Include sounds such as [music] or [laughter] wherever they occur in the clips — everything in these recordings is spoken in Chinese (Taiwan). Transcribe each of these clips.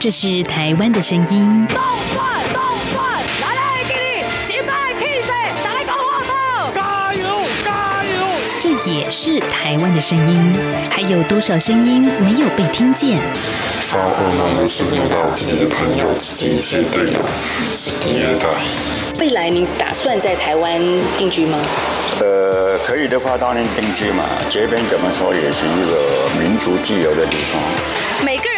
這是台灣的聲音。動動來來給你，再來個加油加油！這也是台灣的聲音，還有多少聲音沒有被聽見？未來你打算在台灣定居嗎？呃，可以的話，當然定居嘛。這邊怎麼說，也是一個民主自由的地方。每個人。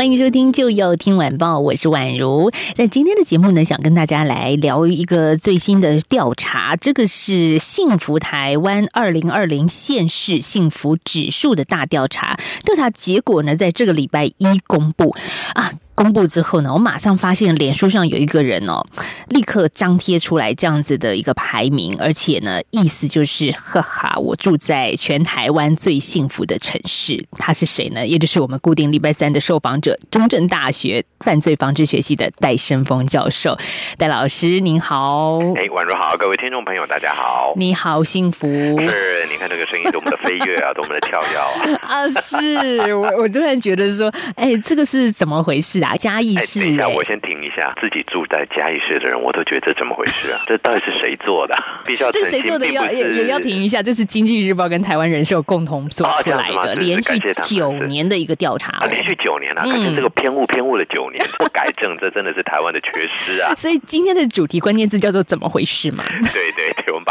歡迎收聽《就要聽晚報》，我是宛如。在今天的節目呢，想跟大家來聊一個最新的調查，這個是《幸福台灣二零二零縣市幸福指數》的大調查。調查結果呢，在這個禮拜一公布啊。公布之後呢，我馬上發現臉書上有一個人哦，立刻張貼出來這樣子的一個排名，而且呢，意思就是，哈哈，我住在全台灣最幸福的城市。他是誰呢？也就是我們固定禮拜三的受訪者，中正大學犯罪防治學系的戴盛峰教授。戴老師，您好。哎、欸，宛如好，各位聽眾朋友大家好，你好，幸福。是，你看這個聲音多麼的飛躍啊， [laughs] 多麼的跳躍啊！ [laughs] 啊，是我，我突然覺得說，哎、欸，這個是怎麼回事啊？嘉義市、欸，那、欸、我先停一下。自己住在嘉義市的人，我都覺得這怎麼回事啊？這到底是誰做的？這誰做的要也，也要停一下。這是經濟日報跟台灣人壽共同做出來的連續九年的一個調查，啊啊，連續九年了、啊，可是、嗯、這個偏誤偏誤了九年，不改正 [laughs] 這真的是台灣的缺失啊！所以今天的主題關鍵字叫做“怎麼回事嗎”嘛？對。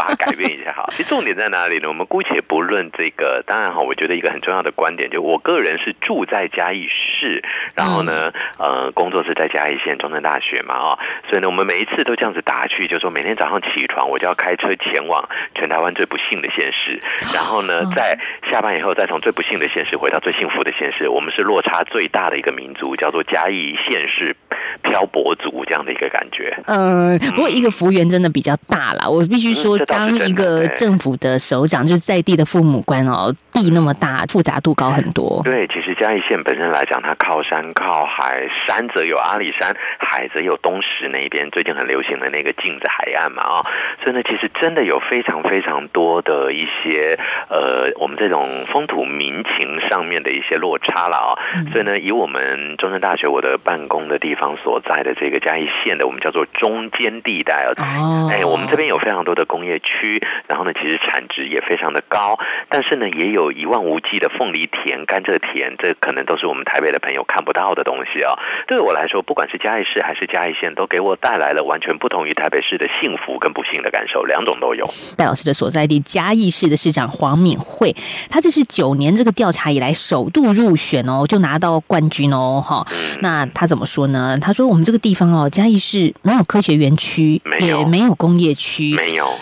[laughs] 把它改變一下好，其實重點在哪裡呢？我們姑且不論這個，當然哈，我覺得一個很重要的觀點，就我個人是住在嘉義市，然後呢，嗯、呃，工作是在嘉義縣中正大學嘛，啊、哦，所以呢，我們每一次都這樣子打趣，就是、說每天早上起床我就要開車前往全台灣最不幸的縣市，然後呢，嗯、在下班以後再從最不幸的縣市回到最幸福的縣市，我們是落差最大的一個民族，叫做嘉義縣市。漂泊族這樣的一個感覺，呃、嗯，不過一個服務員真的比較大啦，我必須說，嗯、當一個政府的首長對就是在地的父母官哦，地那麼大，嗯、複雜度高很多。對，其實嘉義縣本身來講，它靠山靠海，山則有阿里山，海則有東石那邊最近很流行的那個鏡子海岸嘛，啊、哦，所以呢，其實真的有非常非常多的一些呃，我們這種風土民情上面的一些落差了啊、哦，嗯、所以呢，以我們中山大學我的辦公的地方。所在的這個嘉義縣的，我們叫做中間地帶哦。Oh. 哎，我們這邊有非常多的工業區，然後呢，其實產值也非常的高，但是呢，也有一望無際的鳳梨田、甘蔗田，這可能都是我們台北的朋友看不到的東西哦。對我來說，不管是嘉義市還是嘉義縣，都給我帶來了完全不同於台北市的幸福跟不幸的感受，兩種都有。戴老師的所在地嘉義市的市長黃敏惠，他這是九年這個調查以來首度入選哦，就拿到冠軍哦，哈。嗯。那他怎麼說呢？他他說：“我們這個地方哦，嘉義市沒有科學園區，沒有，也沒有工業區。”沒有。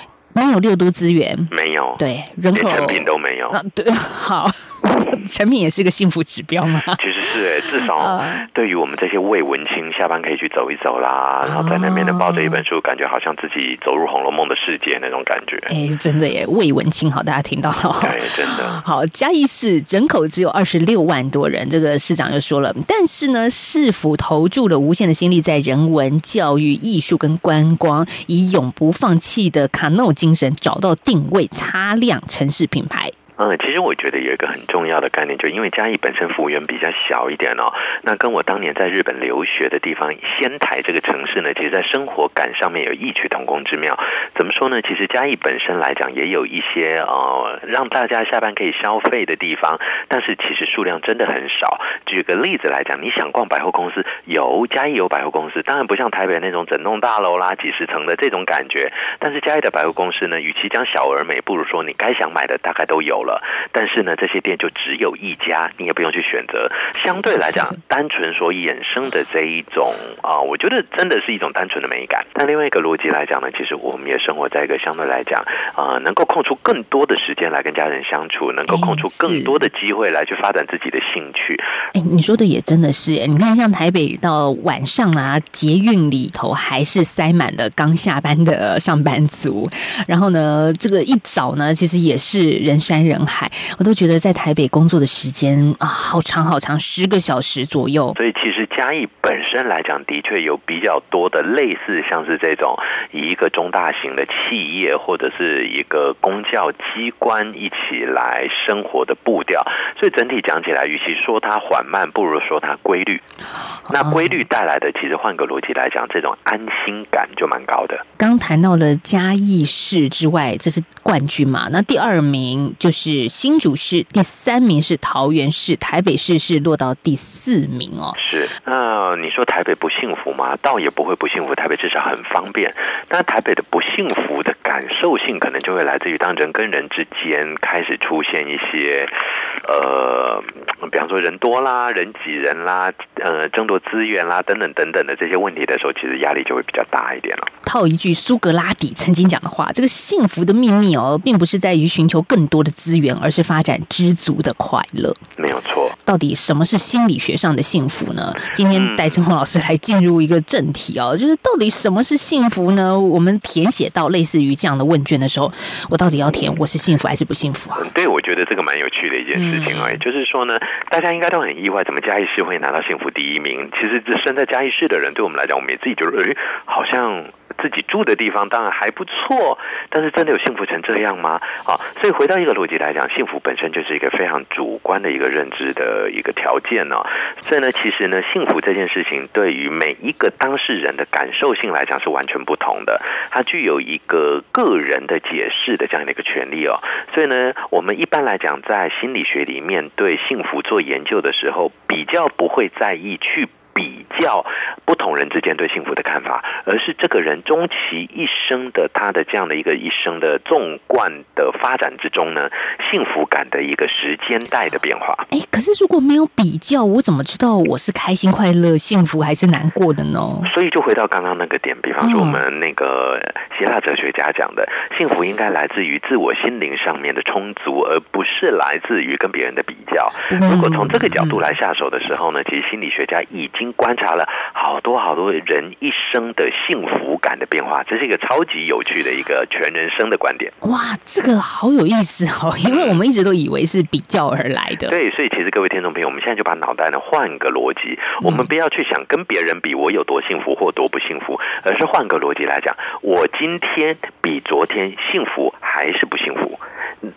沒有六都資源，沒有對人口，成品都沒有。那、啊、對，好， [laughs] 成品也是一個幸福指標嘛。其實是哎，至少對於我們這些魏文青，下班可以去走一走啦，好然後在那邊呢抱着一本書，哦、感覺好像自己走入《紅樓夢》的世界那種感覺。哎，真的耶！魏文青，好，大家聽到了。對、哎，真的。好，嘉義市人口只有二十六萬多人，這個市長又說了，但是呢，市府投注了無限的心力在人文、教育、藝術跟觀光，以永不放棄的卡諾精精神找到定位，擦亮城市品牌。嗯，其實我覺得有一個很重要的概念，就因為嘉義本身幅員比較小一點哦，那跟我當年在日本留學的地方仙台這個城市呢，其實在生活感上面有異曲同工之妙。怎麼說呢？其實嘉義本身來講，也有一些呃、哦、讓大家下班可以消費的地方，但是其實數量真的很少。舉個例子來講，你想逛百貨公司，有嘉義有百貨公司，當然不像台北那種整棟大樓啦、幾十層的這種感覺。但是嘉義的百貨公司呢，與其講小而美，不如說你該想買的大概都有了。但是呢，這些店就只有一家，你也不用去選擇。相對來講，是單純所衍生的這一種啊、呃，我覺得真的是一種單純的美感。但另外一個邏輯來講呢，其實我們也生活在一個相對來講啊、呃，能夠空出更多的時間來跟家人相處，能夠空出更多的機會來去發展自己的興趣。哎，你說的也真的是，你看像台北到晚上啊，捷運裡頭還是塞滿了剛下班的上班族，然後呢，這個一早呢，其實也是人山人。 [laughs] 海，我都覺得在台北工作的時間啊，好長好長，十個小時左右。所以其實嘉義本身來講，的確有比較多的類似像是這種以一個中大型的企業或者是一個公教機關一起來生活的步調。所以整體講起來，與其說它緩慢，不如說它規律。那規律帶來的，其實換個邏輯來講，這種安心感就蠻高的。剛談到了嘉義市之外，這是冠軍嘛？那第二名就是。是新竹市，第三名是桃園市，台北市是落到第四名哦。是，那你說台北不幸福嗎？倒也不會不幸福，台北至少很方便。但台北的不幸福的感受性，可能就會來自於當人跟人之間開始出現一些，呃，比方說人多啦，人擠人啦，呃，爭奪資源啦，等等等等的這些問題的時候，其實壓力就會比較大一點了。套一句蘇格拉底曾經講的話，這個幸福的秘密哦，並不是在於尋求更多的資源。而是發展知足的快樂。沒有錯。到底什麼是心理學上的幸福呢？今天戴森紅老師還進入一個正題哦，就是到底什麼是幸福呢？我們填寫到類似於這樣的問卷的時候，我到底要填我是幸福還是不幸福啊？嗯、對，我覺得這個蠻有趣的一件事情而已。嗯、就是說呢，大家應該都很意外，怎麼嘉義市會拿到幸福第一名？其實這身在嘉義市的人，對我們來講，我們也自己覺得，哎，好像。自己住的地方當然還不錯，但是真的有幸福成這樣嗎？啊，所以回到一個邏輯來講，幸福本身就是一個非常主觀的一個認知的一個條件呢。所以呢，其實呢，幸福這件事情對於每一個當事人的感受性來講是完全不同的，它具有一個個人的解釋的這樣的一個權利哦。所以呢，我們一般來講在心理學裡面對幸福做研究的時候，比較不會在意去。比較不同人之間對幸福的看法，而是這個人終其一生的他的這樣的一個一生的縱貫的發展之中呢，幸福感的一個時間帶的變化。哎，欸，可是如果沒有比較，我怎麼知道我是開心、快樂、幸福還是難過的呢？所以就回到剛剛那個點，比方說我們那個希臘哲學家講的，嗯，幸福應該來自於自我心靈上面的充足，而不是來自於跟別人的比較。嗯，如果從這個角度來下手的時候呢，其實心理學家已經。觀察了好多好多人一生的幸福感的變化，這是一個超級有趣的一個全人生的觀點。哇，這個好有意思哦！因為我們一直都以為是比較而來的。對，所以其實各位聽眾朋友，我們現在就把腦袋呢換個邏輯，我們不要去想跟別人比我有多幸福或多不幸福，而是換個邏輯來講，我今天比昨天幸福還是不幸福？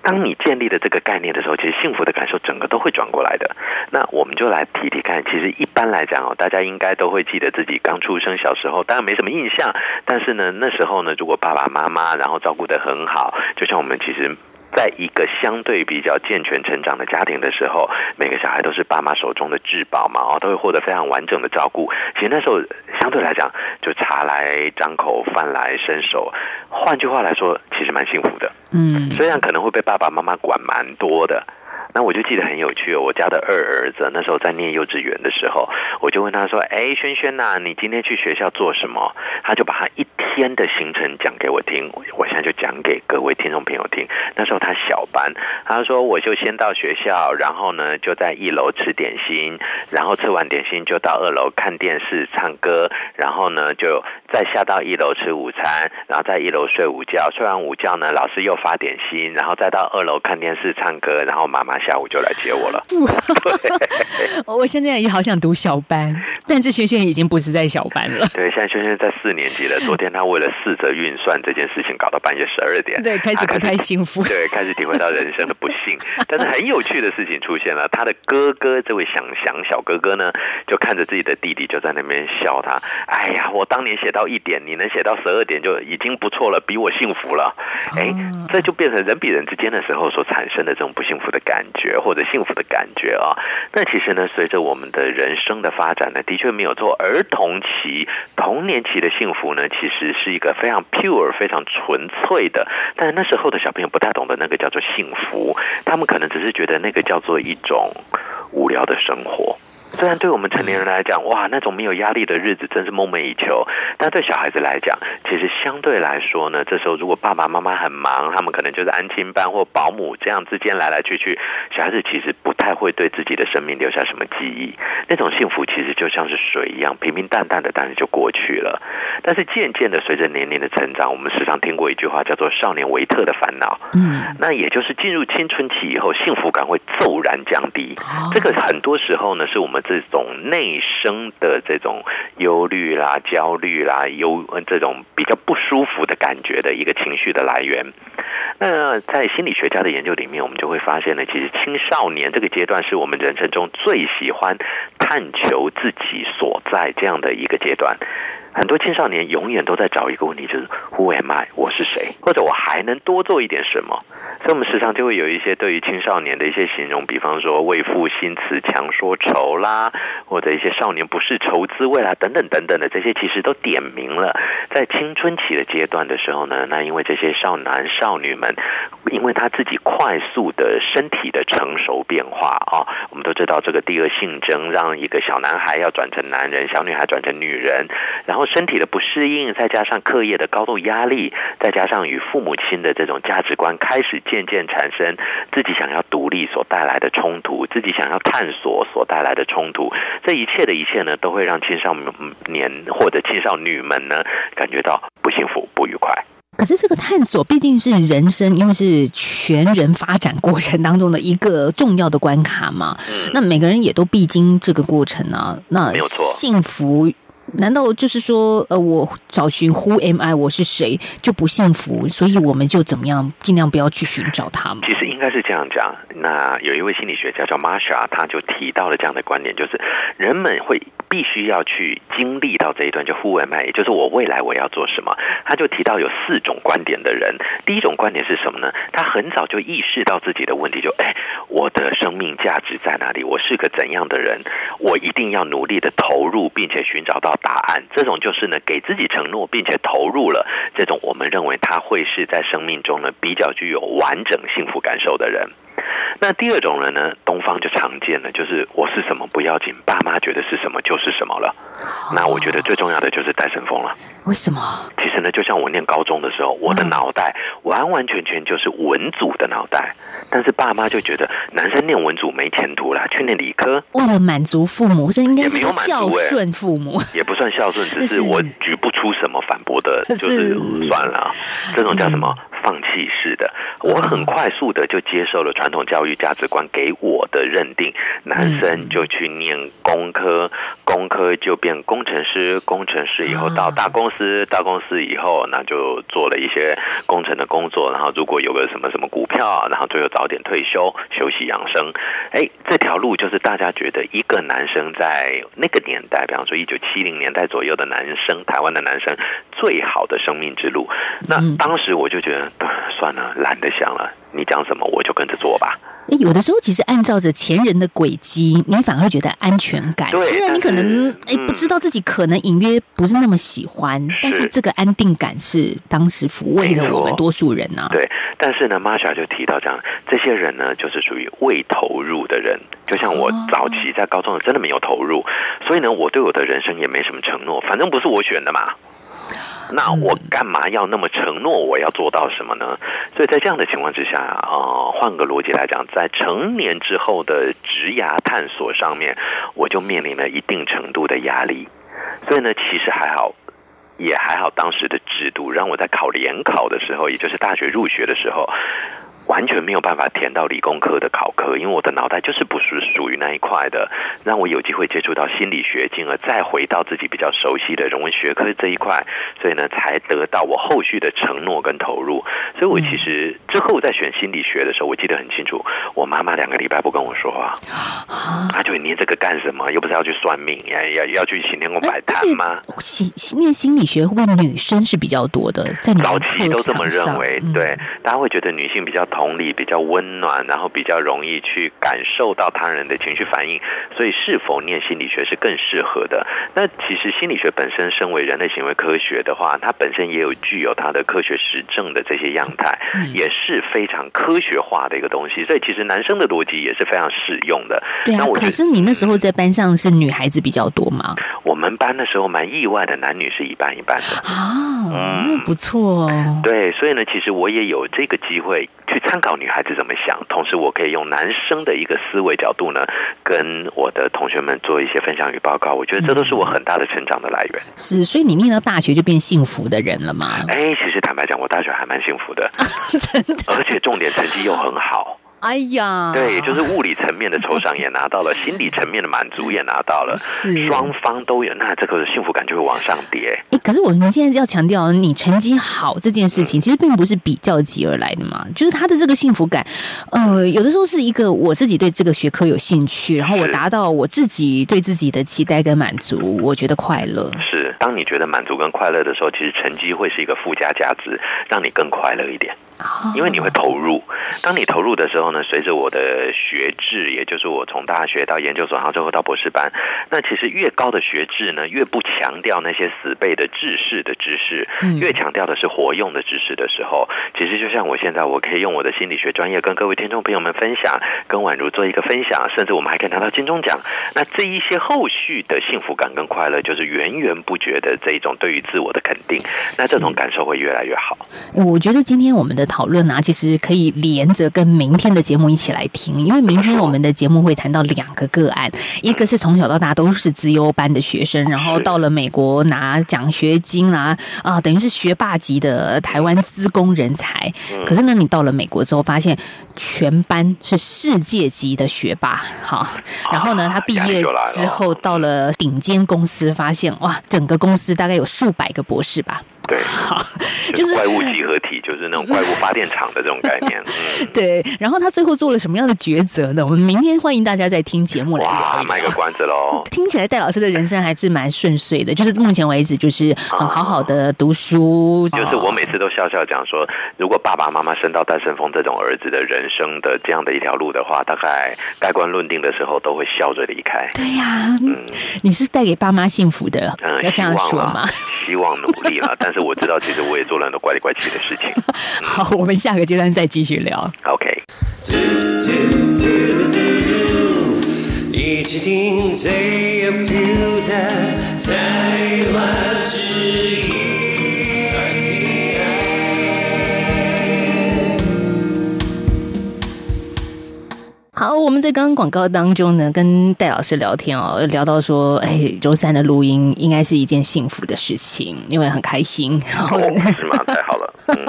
當你建立了這個概念的時候，其實幸福的感受整個都會轉過來的。那我們就來提提看，其實一般來講哦。大家應該都會記得自己剛出生小時候，當然沒什麼印象。但是呢，那時候呢，如果爸爸媽媽然後照顧得很好，就像我們其實在一個相對比較健全成長的家庭的時候，每個小孩都是爸媽手中的至寶嘛，都會獲得非常完整的照顧。其實那時候相對來講，就茶來張口，飯來伸手。換句話來說，其實蠻幸福的。嗯，雖然可能會被爸爸媽媽管蠻多的。那我就記得很有趣哦，我家的二兒子那時候在念幼稚園的時候，我就問他說：“哎，軒軒吶，你今天去學校做什麼？”他就把他一天的行程講給我聽。我，我現在就講給各位聽眾朋友聽。那時候他小班，他說：“我就先到學校，然後呢就在一樓吃點心，然後吃完點心就到二樓看電視、唱歌，然後呢就。”再下到一樓吃午餐，然後在一樓睡午覺，睡完午覺呢，老師又發點心，然後再到二樓看電視、唱歌，然後媽媽下午就來接我了。不對我現在也好想讀小班，但是軒軒已經不是在小班了。對，現在軒軒在四年級了。昨天他為了四則運算這件事情搞到半夜十二點，對，開始不太幸福、啊，對，開始體會到人生的不幸。但是很有趣的事情出現了，他的哥哥這位想想小哥哥呢，就看着自己的弟弟，就在那邊笑他。哎呀，我當年寫到。到一點，你能寫到十二點就已經不錯了，比我幸福了。哎，這就變成人比人之間的時候所產生的這種不幸福的感覺，或者幸福的感覺啊。那其實呢，隨着我們的人生的發展呢，的確沒有做兒童期、童年期的幸福呢，其實是一個非常 pure、非常純粹的，但那時候的小朋友不太懂得那個叫做幸福，他們可能只是覺得那個叫做一種無聊的生活。雖然對我們成年人來講，哇，那種沒有壓力的日子真是夢寐以求。但對小孩子來講，其實相對來說呢，這時候如果爸爸媽媽很忙，他們可能就是安親班或保姆這樣之間來來去去，小孩子其實不太會對自己的生命留下什麼記憶。那種幸福其實就像是水一樣，平平淡淡的，但是就過去了。但是漸漸的，隨着年齡的成長，我們時常聽過一句話，叫做“少年維特的煩惱”。嗯，那也就是進入青春期以後，幸福感會驟然降低。哦。這個很多時候呢，是我們。這種內生的這種憂慮啦、焦慮啦、憂這種比較不舒服的感覺的一個情緒的來源。那在心理學家的研究裡面，我們就會發現呢，其實青少年這個階段是我們人生中最喜歡探求自己所在這樣的一個階段。很多青少年永遠都在找一個問題，就是 Who am I？我是誰？或者我還能多做一點什麼？所以，我們時常就會有一些對於青少年的一些形容，比方說“為賦新詞強說愁”啦，或者一些“少年不識愁滋味”啦，等等等等的這些，其實都點明了在青春期的階段的時候呢，那因為這些少男少女們，因為他自己快速的身體的成熟變化啊、哦，我們都知道這個第二性徵讓一個小男孩要轉成男人，小女孩轉成女人，然後。身體的不適應，再加上課業的高度壓力，再加上與父母親的這種價值觀開始漸漸產生自己想要獨立所帶來的衝突，自己想要探索所帶來的衝突，這一切的一切呢，都會讓青少年或者青少女們呢感覺到不幸福、不愉快。可是，這個探索畢竟是人生，因為是全人發展過程當中的一個重要的關卡嘛。嗯，那每個人也都必經這個過程啊。那沒有錯，幸福。難道就是說，呃，我找尋 who am I 我是誰就不幸福？所以我們就怎麼樣，盡量不要去尋找他嗎？其實應該是這樣講。那有一位心理學家叫 Masha，他就提到了這樣的觀點，就是人們會必須要去經歷到這一段，就 who am I，也就是我未來我要做什麼。他就提到有四種觀點的人。第一種觀點是什麼呢？他很早就意識到自己的問題，就哎，我的生命價值在哪裡？我是個怎樣的人？我一定要努力的投入，並且尋找到答案，這種就是呢，給自己承諾，並且投入了，這種我們認為他會是在生命中呢，比較具有完整幸福感受的人。那第二種人呢，東方就常見了，就是我是什麼不要緊，爸媽覺得是什麼就是什麼了。Oh. 那我覺得最重要的就是戴森風了。為什麼？其實呢，就像我念高中的時候，我的腦袋完完全全就是文組的腦袋，oh. 但是爸媽就覺得男生念文組沒前途啦，去念理科。為了滿足父母，這應該是孝順父母，也，欸、也不算孝順，只 [laughs] 是我局部。出什麼反駁的？就是算了，這種叫什麼放棄式的。我很快速的就接受了傳統教育價值觀給我的認定：男生就去念工科，工科就變工程師，工程師以後到大公司，大公司以後那就做了一些工程的工作。然後如果有個什麼什麼股票，然後最後早點退休休息養生。哎，這條路就是大家覺得一個男生在那個年代，比方說一九七零年代左右的男生，台灣的男。人生最好的生命之路，那當時我就覺得算了，懶得想了。你講什麼，我就跟着做吧。有的時候，其實按照着前人的軌跡，你反而會覺得安全感。對，雖然你可能哎、嗯、不知道自己可能隱約不是那麼喜歡，是但是這個安定感是當時撫慰了我們多數人吶、啊。對，但是呢，Marsha 就提到這樣，這些人呢就是屬於未投入的人，就像我早期在高中真的沒有投入，哦、所以呢，我對我的人生也沒什麼承諾，反正不是我選的嘛。那我幹嘛要那麼承諾我要做到什麼呢？所以在這樣的情況之下啊、哦，換個邏輯來講，在成年之後的職涯探索上面，我就面臨了一定程度的壓力。所以呢，其實還好，也還好，當時的制度讓我在考聯考的時候，也就是大學入學的時候。完全沒有辦法填到理工科的考科，因為我的腦袋就是不是屬於那一塊的。讓我有機會接觸到心理學進，進而再回到自己比較熟悉的人文學科這一塊，所以呢，才得到我後續的承諾跟投入。所以我其實之後我在選心理學的時候，我記得很清楚，我媽媽兩個禮拜不跟我說話，她、嗯、就你這個幹什麼？又不是要去算命，要要要去行天宮擺攤嗎？心念心理學會不會女生是比較多的？在你早期都這麼認為，對、嗯、大家會覺得女性比較。同理比較溫暖，然後比較容易去感受到他人的情緒反應，所以是否念心理學是更適合的？那其實心理學本身身為人類行為科學的話，它本身也有具有它的科學實證的這些樣態，嗯、也是非常科學化的一個東西。所以其實男生的邏輯也是非常適用的。對啊，那我可是你那時候在班上是女孩子比較多嗎？我們班的時候蠻意外的，男女是一半一半的啊。嗯，那不錯哦。嗯、對，所以呢，其實我也有這個機會。去參考女孩子怎麼想，同時我可以用男生的一個思維角度呢，跟我的同學們做一些分享與報告。我覺得這都是我很大的成長的來源。嗯。是，所以你念到大學就變幸福的人了嗎？哎、欸，其實坦白講，我大學還蠻幸福的，啊，真的。而且重點成績又很好。 [laughs] 哎呀，對，就是物理層面的酬賞也拿到了， [laughs] 心理層面的滿足也拿到了，是雙方都有，那這個幸福感就會往上疊。哎、欸，可是我們現在要強調，你成績好這件事情，嗯、其實並不是比較級而來的嘛，就是他的這個幸福感，呃，有的時候是一個我自己對這個學科有興趣，然後我達到我自己對自己的期待跟滿足，是我覺得快樂。是，當你覺得滿足跟快樂的時候，其實成績會是一個附加價值，讓你更快樂一點。因為你會投入，當你投入的時候呢，隨着我的學制，也就是我從大學到研究所，然後最後到博士班，那其實越高的學制呢，越不強調那些死背的知識的知識，嗯，越強調的是活用的知識的時候，其實就像我現在，我可以用我的心理學專業跟各位聽眾朋友們分享，跟宛如做一個分享，甚至我們還可以拿到金鐘獎。那這一些後續的幸福感跟快樂，就是源源不絕的這一種對於自我的肯定，那這種感受會越來越好。我覺得今天我們的。討論啊，其實可以連着跟明天的節目一起來聽，因為明天我們的節目會談到兩個個案，一個是從小到大都是資優班的學生，然後到了美國拿獎學金啦，啊，啊，等於是學霸級的台灣資工人才。可是呢，你到了美國之後，發現全班是世界級的學霸。好，然後呢，他畢業之後到了頂尖公司，發現哇，整個公司大概有數百個博士吧。對，好，就是、就是怪物集合體，就是那種怪物發電廠的這種概念。嗯、 [laughs] 對。然後他最後做了什麼樣的抉擇呢？我們明天歡迎大家再聽節目來。哇，賣個關子嘍。聽起來戴老師的人生還是蠻順遂的，就是目前為止就是很好好的讀書。哦哦、就是我每次都笑笑講說，如果爸爸媽媽生到戴勝峰這種兒子的人生的這樣的一條路的話，大概蓋棺論定的時候都會笑着離開。對呀、啊，嗯，你是帶給爸媽幸福的，嗯，要這樣說嗎？希望努力了，但是。 [music] 我知道，其實我也做了很多怪裡怪氣的事情，嗯。 [laughs] 好，我們下個階段再繼續聊。OK。好，我們在剛剛廣告當中呢，跟戴老師聊天哦，聊到說，哎，週三的錄音應該是一件幸福的事情，因為很開心。然後，哦 [laughs] 啊，太好了。 [laughs] 嗯、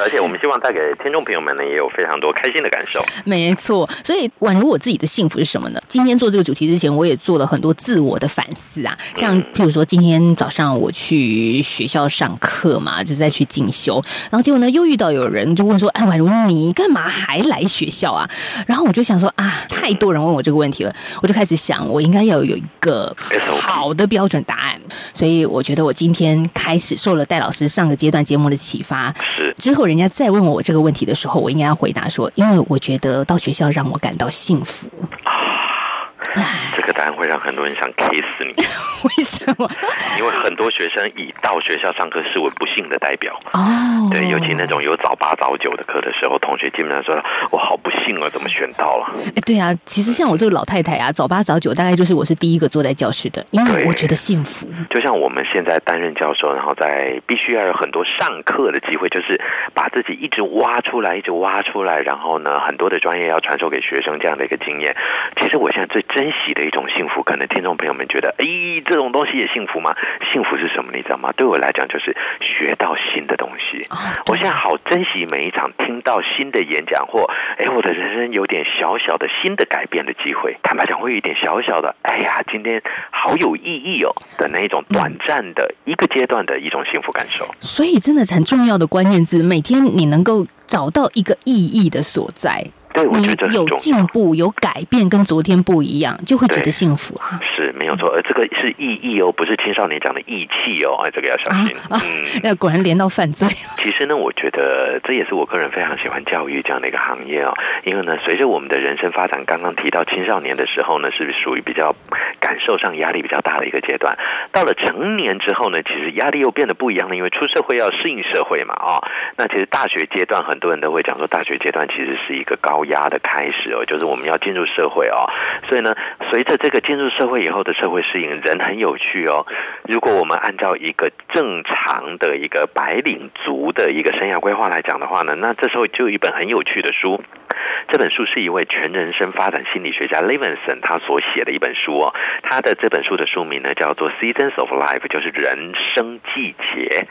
而且我們希望帶給聽眾朋友們呢，也有非常多開心的感受。沒錯，所以宛如我自己的幸福是什麼呢？今天做這個主題之前，我也做了很多自我的反思啊，像譬如說，今天早上我去學校上課嘛，就是再去進修，然後結果呢，又遇到有人就問說：“哎，宛如你幹嘛還來學校啊？”然後我就想說：“啊，太多人問我這個問題了。”我就開始想，我應該要有一個好的標準答案。所以我覺得我今天開始受了戴老師上個階段節目的啟發。之後，人家再問我這個問題的時候，我應該要回答說，因為我覺得到學校讓我感到幸福。這個答案會讓很多人想 kiss 你， [laughs] 為什麼？因為很多學生以到學校上課視為不幸的代表哦。Oh. 對，尤其那種有早八早九的課的時候，同學基本上說：“我好不幸啊，怎麼選到了？”哎，對啊，其實像我這個老太太啊，早八早九大概就是我是第一個坐在教室的，因為我覺得幸福。就像我們現在擔任教授，然後在必須要有很多上課的機會，就是把自己一直挖出來，一直挖出來，然後呢，很多的專業要傳授給學生這樣的一個經驗。其實我現在最。珍惜的一種幸福，可能聽眾朋友們覺得，哎，這種東西也幸福嗎？幸福是什麼？你知道嗎？對我來講，就是學到新的東西。哦、我現在好珍惜每一場聽到新的演講，或哎，我的人生有點小小的新的改變的機會。坦白講，會有一點小小的，哎呀，今天好有意義哦的那一種短暫的、嗯、一個階段的一種幸福感受。所以，真的很重要的觀念是，每天你能夠找到一個意義的所在。對，我覺得有進步，有改變，跟昨天不一樣，就會覺得幸福哈、啊，是沒有錯，而這個是意義哦，不是青少年講的義氣哦，這個要小心。嗯、啊，那、啊、果然連到犯罪、嗯。其實呢，我覺得這也是我個人非常喜歡教育這樣的一個行業哦，因為呢，隨着我們的人生發展，剛剛提到青少年的時候呢，是屬於比較感受上壓力比較大的一個階段。到了成年之後呢，其實壓力又變得不一樣了，因為出社會要適應社會嘛、哦，啊，那其實大學階段很多人都會講說，大學階段其實是一個高。壓的開始哦，就是我們要進入社會哦，所以呢，隨着這個進入社會以後的社會適應，人很有趣哦。如果我們按照一個正常的一個白領族的一個生涯規劃來講的話呢，那這時候就有一本很有趣的書，這本書是一位全人生發展心理學家 Levinson 他所寫的一本書哦，他的這本書的書名呢叫做 Seasons of Life，就是人生季節。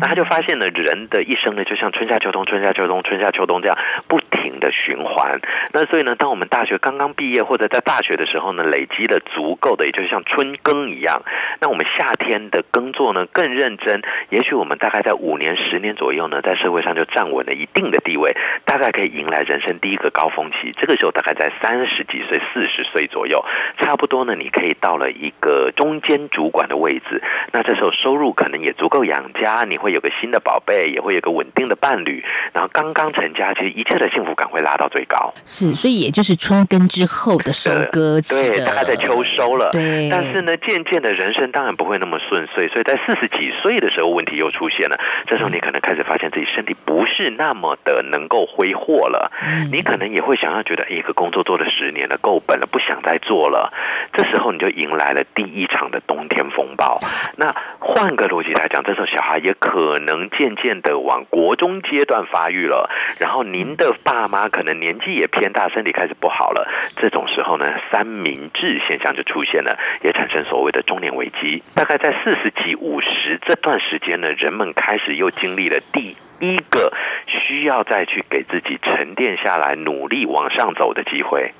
那他就發現了，人的一生呢，就像春夏秋冬、春夏秋冬、春夏秋冬這樣不停地循環。那所以呢，當我們大學剛剛畢業或者在大學的時候呢，累積了足夠的，也就是像春耕一樣。那我們夏天的耕作呢更認真，也許我們大概在五年、十年左右呢，在社會上就站穩了一定的地位，大概可以迎來人生第一個高峰期。這個時候大概在三十幾歲、四十歲左右，差不多呢，你可以到了一個中間主管的位置。那這時候收入可能也足夠養家。你會有個新的寶貝，也會有個穩定的伴侶，然後剛剛成家，其實一切的幸福感會拉到最高。是，所以也就是春耕之後的收割期，對，大概在秋收了。對，但是呢，漸漸的人生當然不會那麼順遂，所以在四十幾歲的時候，問題又出現了。這時候你可能開始發現自己身體不是那麼的能夠揮霍了，嗯、你可能也會想要覺得，哎，一個工作做了十年了，夠本了，不想再做了。這時候你就迎來了第一場的冬天風暴。那換個邏輯來講，這時候小孩也。可能漸漸的往國中階段發育了，然後您的爸媽可能年紀也偏大，身體開始不好了。這種時候呢，三明治現象就出現了，也產生所謂的中年危機。大概在四十幾、五十這段時間呢，人們開始又經歷了第一個需要再去給自己沉澱下來、努力往上走的機會。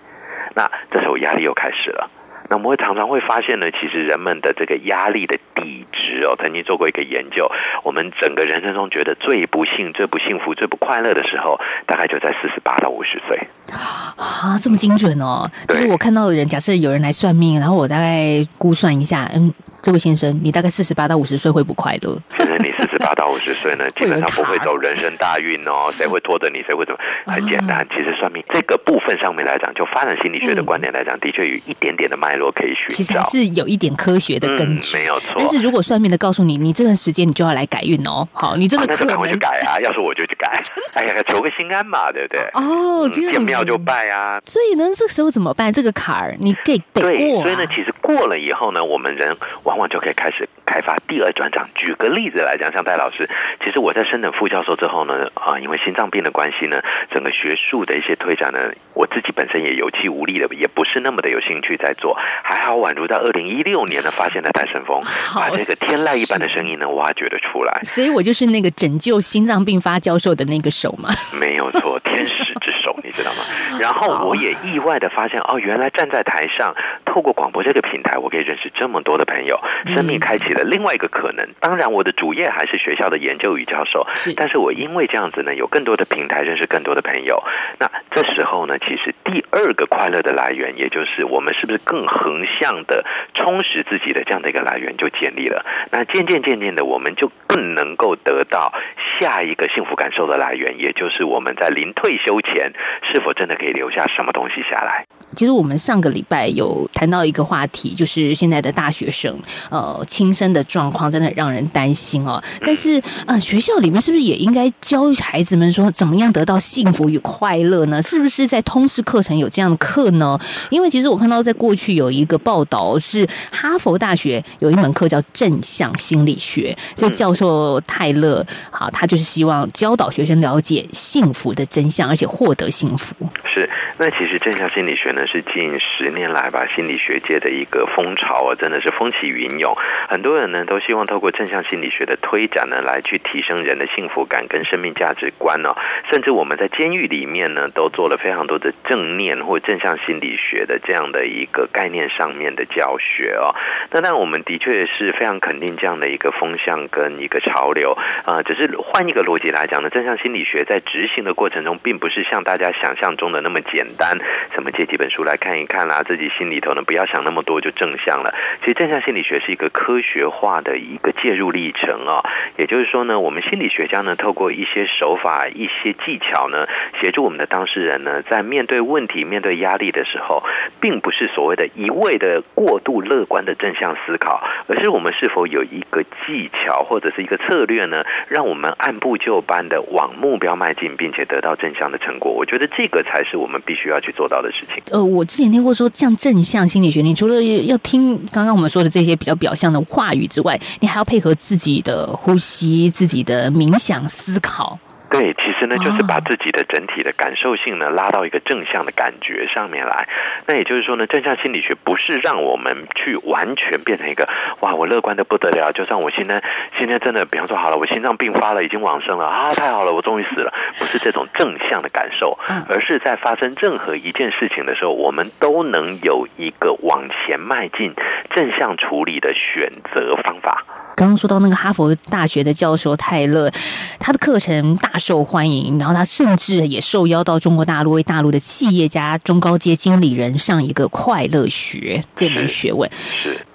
那這時候壓力又開始了。那我們會常常會發現呢，其實人們的這個壓力的低值哦，曾經做過一個研究，我們整個人生中覺得最不幸、最不幸福、最不快樂的時候，大概就在四十八到五十歲啊，這麼精準哦。就對是我看到有人，假設有人來算命，然後我大概估算一下，嗯。這位先生，你大概四十八到五十歲會不快樂。先生，你四十八到五十歲呢，基本上不會走人生大運哦。誰會拖着你？誰會怎麼？很簡單，其實算命這個部分上面來講，就發展心理學的觀點來講，的確有一點點的脈絡可以學。其實還是有一點科學的根據，沒有錯。但是如果算命的告訴你，你這段時間你就要來改運哦。好，你這個可能。那我就改啊！要是我就去改，哎呀，求個心安嘛，對不對？哦，見廟就拜啊。所以呢，這時候怎麼辦？這個坎兒你給得過？對，所以呢，其實過了以後呢，我們人。往往就可以開始開發第二專長。舉個例子來講，像戴老師，其實我在升等副教授之後呢，啊，因為心臟病的關係呢，整個學術的一些推展呢，我自己本身也有氣無力的，也不是那麼的有興趣在做。還好，宛如在二零一六年呢，發現了戴聲峰，死把這個天籟一般的聲音呢是挖掘了出來。所以我就是那個拯救心臟病發教授的那個手嘛。 [laughs] 沒有錯，天使之手， [laughs] 你知道嗎？然後我也意外的發現，哦、啊，原來站在台上。透過廣播這個平台，我可以認識這麼多的朋友，生命開啟了另外一個可能。當然，我的主業還是學校的研究與教授，是。但是我因為這樣子呢，有更多的平台認識更多的朋友。那這時候呢，其實第二個快樂的來源，也就是我們是不是更橫向的充實自己的這樣的一個來源就建立了。那漸漸漸漸的，我們就更能夠得到下一個幸福感受的來源，也就是我們在臨退休前，是否真的可以留下什麼東西下來。其實我們上個禮拜有談到一個話題，就是現在的大學生，呃，輕生的狀況真的很讓人擔心哦。但是，嗯、呃，學校裡面是不是也應該教育孩子們說，怎麼樣得到幸福與快樂呢？是不是在通識課程有這樣的課呢？因為其實我看到在過去有一個報道，是哈佛大學有一門課叫正向心理學，這教授泰勒，好、啊，他就是希望教導學生了解幸福的真相，而且獲得幸福。是。那其實正向心理學呢，是近十年來吧，心理學界的一個風潮啊，真的是風起雲湧。很多人呢，都希望透過正向心理學的推展呢，來去提升人的幸福感跟生命價值觀哦。甚至我們在監獄裡面呢，都做了非常多的正念或正向心理學的這樣的一個概念上面的教學哦。那但我們的確是非常肯定這樣的一個風向跟一個潮流啊、呃。只是換一個邏輯來講呢，正向心理學在執行的過程中，並不是像大家想象中的那麼簡單。單什麼借幾本書來看一看啦、啊？自己心裡頭呢，不要想那麼多，就正向了。其實正向心理學是一個科學化的一個介入歷程啊、哦。也就是說呢，我們心理學家呢，透過一些手法、一些技巧呢，協助我們的當事人呢，在面對問題、面對壓力的時候，並不是所謂的一味的過度樂觀的正向思考，而是我們是否有一個技巧或者是一個策略呢，讓我們按部就班的往目標邁進，並且得到正向的成果。我覺得這個才是我們必須。需要去做到的事情。呃，我之前聽過說，像正向心理學，你除了要聽剛剛我們說的這些比較表象的話語之外，你還要配合自己的呼吸、自己的冥想、思考。對，其實呢，就是把自己的整體的感受性呢拉到一個正向的感覺上面來。那也就是說呢，正向心理學不是讓我們去完全變成一個哇，我樂觀的不得了，就算我現在現在真的，比方說好了，我心臟病發了，已經往生了啊，太好了，我終於死了，不是這種正向的感受，而是在發生任何一件事情的時候，我們都能有一個往前邁進、正向處理的選擇方法。剛剛說到那個哈佛大學的教授泰勒，他的課程大受歡迎，然後他甚至也受邀到中國大陸為大陸的企業家、中高階經理人上一個快樂學這門學問。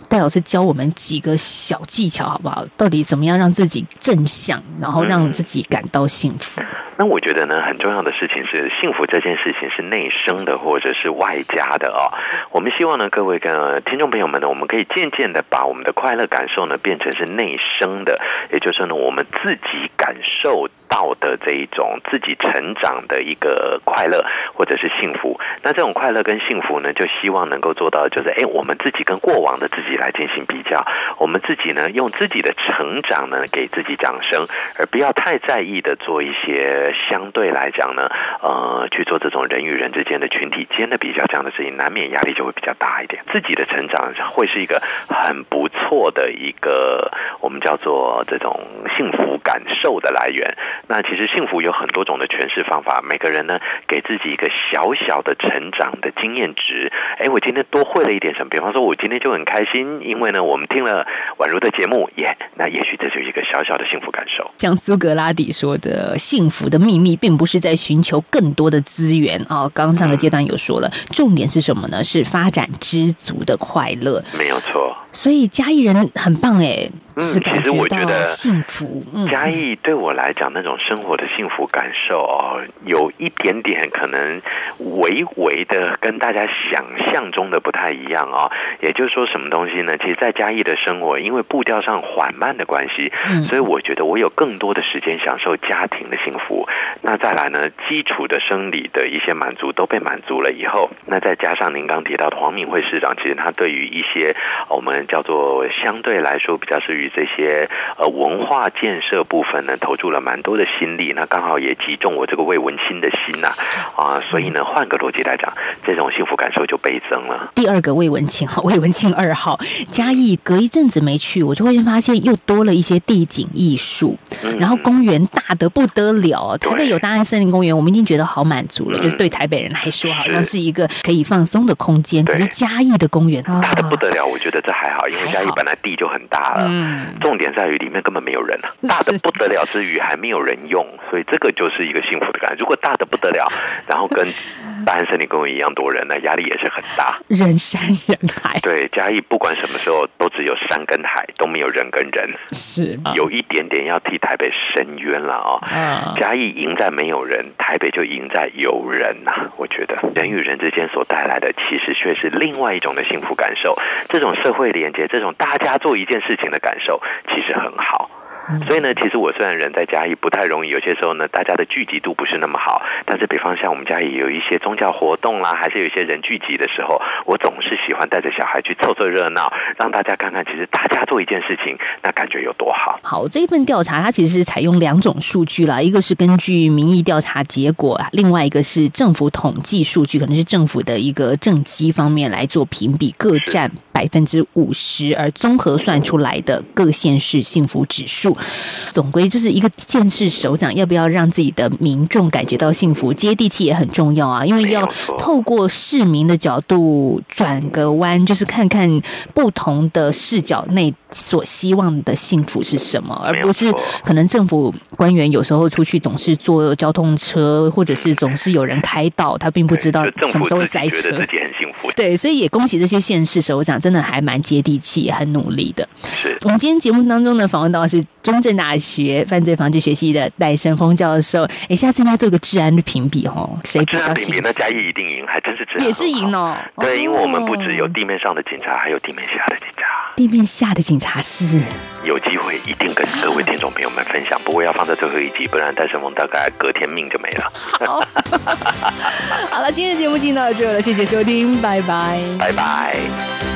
戴老師教我們幾個小技巧，好不好？到底怎麼樣讓自己正向，然後讓自己感到幸福？那我覺得呢，很重要的事情是，幸福這件事情是內生的，或者是外加的啊。我們希望呢，各位跟聽眾朋友們呢，我們可以漸漸的把我們的快樂感受呢，變成是內生的，也就是說呢，我們自己感受。道的這一種自己成長的一個快樂，或者是幸福，那這種快樂跟幸福呢，就希望能夠做到，就是誒、哎，我們自己跟過往的自己來進行比較，我們自己呢，用自己的成長呢，給自己掌聲，而不要太在意的做一些相對來講呢，呃，去做這種人與人之間的群體間的比較這樣的事情，難免壓力就會比較大一點。自己的成長會是一個很不錯的一個我們叫做這種幸福感受的來源。那其實幸福有很多種的詮釋方法，每個人呢給自己一個小小的成長的經驗值。哎，我今天多會了一點什麼？比方說，我今天就很開心，因為呢我們聽了宛如的節目，耶！那也許這就是一個小小的幸福感受。像蘇格拉底說的，幸福的秘密並不是在尋求更多的資源哦，剛剛上個階段有說了，嗯，重點是什麼呢？是發展知足的快樂。沒有錯。所以嘉義人很棒哎，嗯、其實我覺得，幸福。嘉義對我來講，那種生活的幸福感受哦，嗯、有一點點可能微微的跟大家想象中的不太一樣哦。也就是說，什麼東西呢？其實，在嘉義的生活，因為步調上緩慢的關係，嗯、所以我覺得我有更多的時間享受家庭的幸福。那再來呢，基礎的生理的一些滿足都被滿足了以後，那再加上您剛提到的黃敏惠市長，其實他對於一些我們。叫做相對來說比較適於這些呃文化建設部分呢，投注了蠻多的心力。那剛好也擊中我這個魏文清的心吶啊，啊，所以呢，換個邏輯來講，這種幸福感受就倍增了。第二個魏文清哈，魏文清二號嘉義隔一陣子沒去，我就會發現又多了一些地景藝術，嗯、然後公園大得不得了。臺北有大安森林公園，對我們已經覺得好滿足了，嗯、就是對臺北人來說好像是一個可以放鬆的空間。是，可是嘉義的公園對、啊、大得不得了，我覺得這還好。好，因為嘉義本來地就很大了，嗯、重點在於裡面根本沒有人，是大的不得了之餘還沒有人用，所以這個就是一個幸福的感覺。如果大的不得了，然後跟大安森林公園一樣多人，那壓力也是很大，人山人海。對，嘉義，不管什麼時候都只有山跟海，都沒有人跟人，是、啊、有一點點要替台北伸冤了、哦、啊。嘉義贏在沒有人，台北就贏在有人吶、啊。我覺得人與人之間所帶來的，其實卻是另外一種的幸福感受。這種社會裡。這種大家做一件事情的感受，其實很好。所以呢，其實我雖然人在家也不太容易，有些時候呢，大家的聚集度不是那麼好。但是，比方像我們家裡有一些宗教活動啦，還是有一些人聚集的時候，我總是喜歡帶着小孩去湊湊熱鬧，讓大家看看，其實大家做一件事情，那感覺有多好。好，這一份調查它其實是採用兩種數據啦，一個是根據民意調查結果，另外一個是政府統計數據，可能是政府的一個政績方面來做評比，各佔百分之五十，而綜合算出來的各縣市幸福指數。總歸就是一個縣市首長，要不要讓自己的民眾感覺到幸福、接地氣也很重要啊！因為要透過市民的角度轉個彎，就是看看不同的視角內所希望的幸福是什麼，而不是可能政府官員有時候出去總是坐交通車，或者是總是有人開道，他並不知道什麼時候塞車。對，所以也恭喜這些縣市首長，真的還蠻接地氣、也很努力的。我們今天節目當中的訪問到的是。中正大學犯罪防治學系的戴伸峰教授，哎、欸，下次要做個治安的評比哦，誰？治安評比，那嘉義一定贏，還真是治安也是贏哦。對，哦、因為我們不只有地面上的警察，還有地面下的警察。地面下的警察是有機會，一定跟各位聽眾朋友們分享，啊、不過要放在最後一集，不然戴伸峰大概隔天命就沒了。好，了， [laughs] [laughs] 今天的節目就到這了，謝謝收聽，拜拜，拜拜。